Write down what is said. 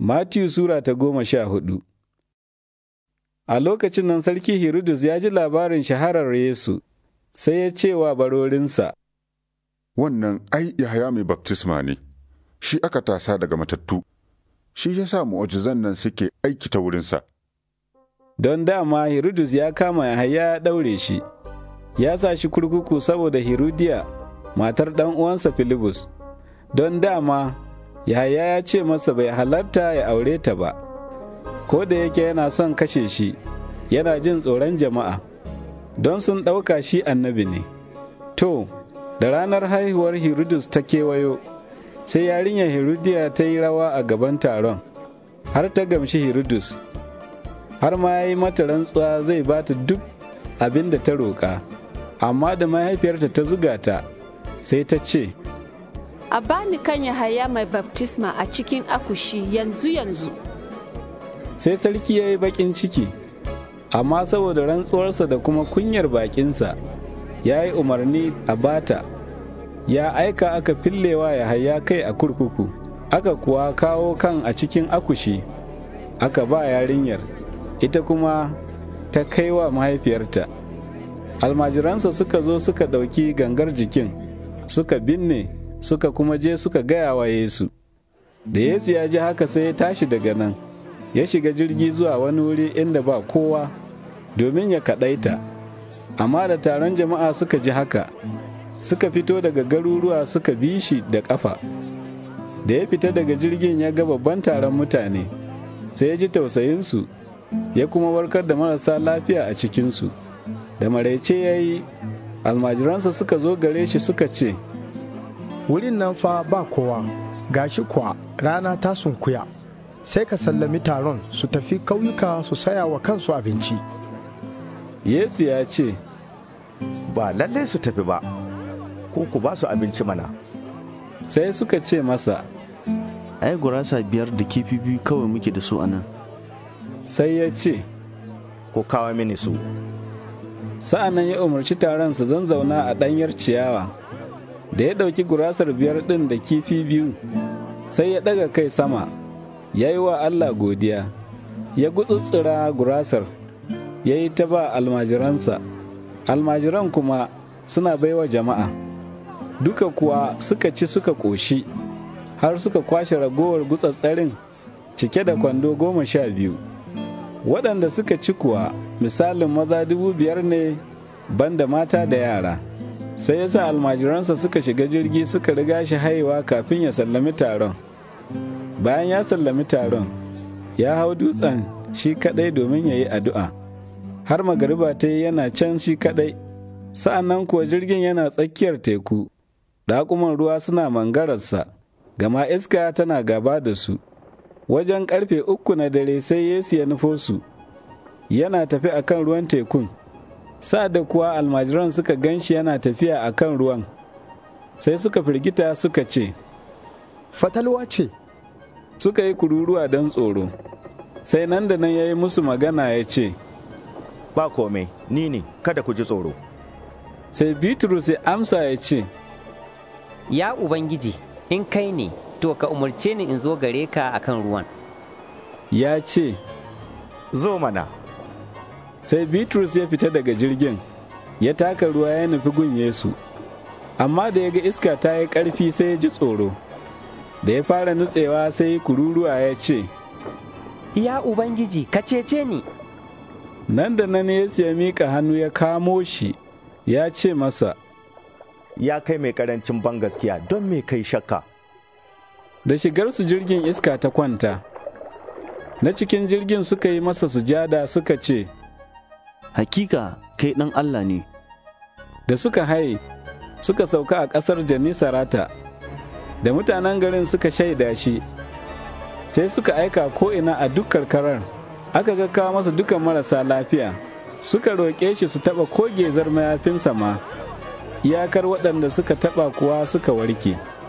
Matiyu Sura ta goma sha hudu A lokacin nan Sarki Hirudus ya ji labarin shaharar Yesu, sai ya ce wa barorinsa, Wannan ai Yahaya mai baptisma ne, shi aka tasa daga matattu, shi ya sa mu'ajizan nan suke aiki ta wurinsa. Don dama Hirudus ya kama Yahaya ya ɗaure shi, ya sa shi kurkuku saboda Hirudiya, matar ɗan uwansa Filibus, don dama yaya ya ce masa bai halarta ya aure ta ba ko da yake yana son kashe shi yana jin tsoron jama'a don sun ɗauka shi annabi ne to da ranar haihuwar hirudus ta kewayo sai yarinyar hirudiya ta yi rawa a gaban taron har ta gamshi hirudus har ma ya yi mata rantsuwa zai ba ta duk abin da ta roƙa amma da mahaifiyarta ta zuga ta sai ta ce a bani kan Yahaya mai baptisma a cikin akushi yanzu yanzu. Sai sarki ya yi baƙin ciki, amma saboda rantsuwarsa da kuma kunyar bakinsa, ya yi umarni a bata, ya aika aka fillewa Yahaya kai a kurkuku, aka kuwa kawo kan a cikin akushi, aka ba yarinyar, ita kuma ta kai wa mahaifiyarta. Almajiransa suka zo suka ɗauki gangar jikin, suka binne. suka kuma je suka gaya wa Yesu. Da Yesu ya ji haka sai ya tashi daga nan, ya shiga jirgi zuwa wani wuri inda ba kowa domin ya kaɗaita. Amma da taron jama'a suka ji haka, suka fito daga garuruwa suka bi shi da ƙafa. Da ya fita daga jirgin ya ga babban taron mutane, sai ya ji tausayinsu, ya kuma warkar da marasa lafiya a cikinsu. Da maraice ya yi, almajiransa suka zo gare shi suka ce, wurin nan fa ba kowa gashi kuwa rana ta sunkuya sai ka sallami taron su tafi kauyuka su saya wa kansu abinci yesu ya ce ba lallai su tafi ba ko ku ba su abinci mana sai suka ce masa ai gurasa biyar da kifi biyu kawai muke da su a nan sai ya ce ku kawo mini su sa'an nan ya umarci taron su zauna a ɗanyar ciyawa da ya ɗauki gurasar biyar ɗin da kifi biyu sai ya ɗaga kai sama ya yi wa Allah godiya ya gutsutsura gurasar ya yi ta ba almajiransa almajiran kuma suna baiwa jama'a duka kuwa suka ci suka ƙoshi har suka kwashe ragowar gutsatsarin cike da kwando goma sha biyu waɗanda suka ci kuwa misalin maza dubu biyar ne banda mata da yara sai ya sa almajiransa suka shiga jirgi suka riga shi haiwa kafin ya sallami taron bayan ya sallami taron ya hau dutsen shi kadai domin ya yi addu'a har magariba ta yi yana can shi kadai sa'an nan kuwa jirgin yana tsakiyar teku raƙuman ruwa suna mangararsa gama iska tana gaba da su wajen karfe uku na dare sai yesu ya nufo su yana tafi akan ruwan tekun Sa da kuwa almajiran suka gan shi yana tafiya a kan ruwan sai suka firgita suka ce fatalwa ce suka yi kururuwa don tsoro sai nan da nan ya yi musu magana ya ce ba komai ni ne kada ku ji tsoro sai bitrus ya amsa ya ce ya ubangiji in kai ne to ka umarce ni in zo gare ka kan ruwan ya ce zo mana sai bitrus ya fita daga jirgin ya taka ruwa ya nufi gun yesu amma da ya ga iska ta yi ƙarfi sai ya ji tsoro da ya fara nutsewa sai kururuwa ya ce ya ubangiji ka cece ni nan da nan yesu ya miƙa hannu ya kamo shi ya ce masa ya kai mai ƙarancin bangaskiya don mai kai shakka da shigarsu jirgin iska ta kwanta na cikin jirgin suka yi masa sujada suka ce hakika kai ɗan Allah ne. Da suka haye, suka sauka a ƙasar Janisarata, da mutanen garin suka shaida shi, sai suka aika ko'ina a duk karkarar, aka ga masa dukan marasa lafiya, suka roƙe shi su taɓa ko gezar mayafinsa ma, iyakar waɗanda suka taɓa kuwa suka warke.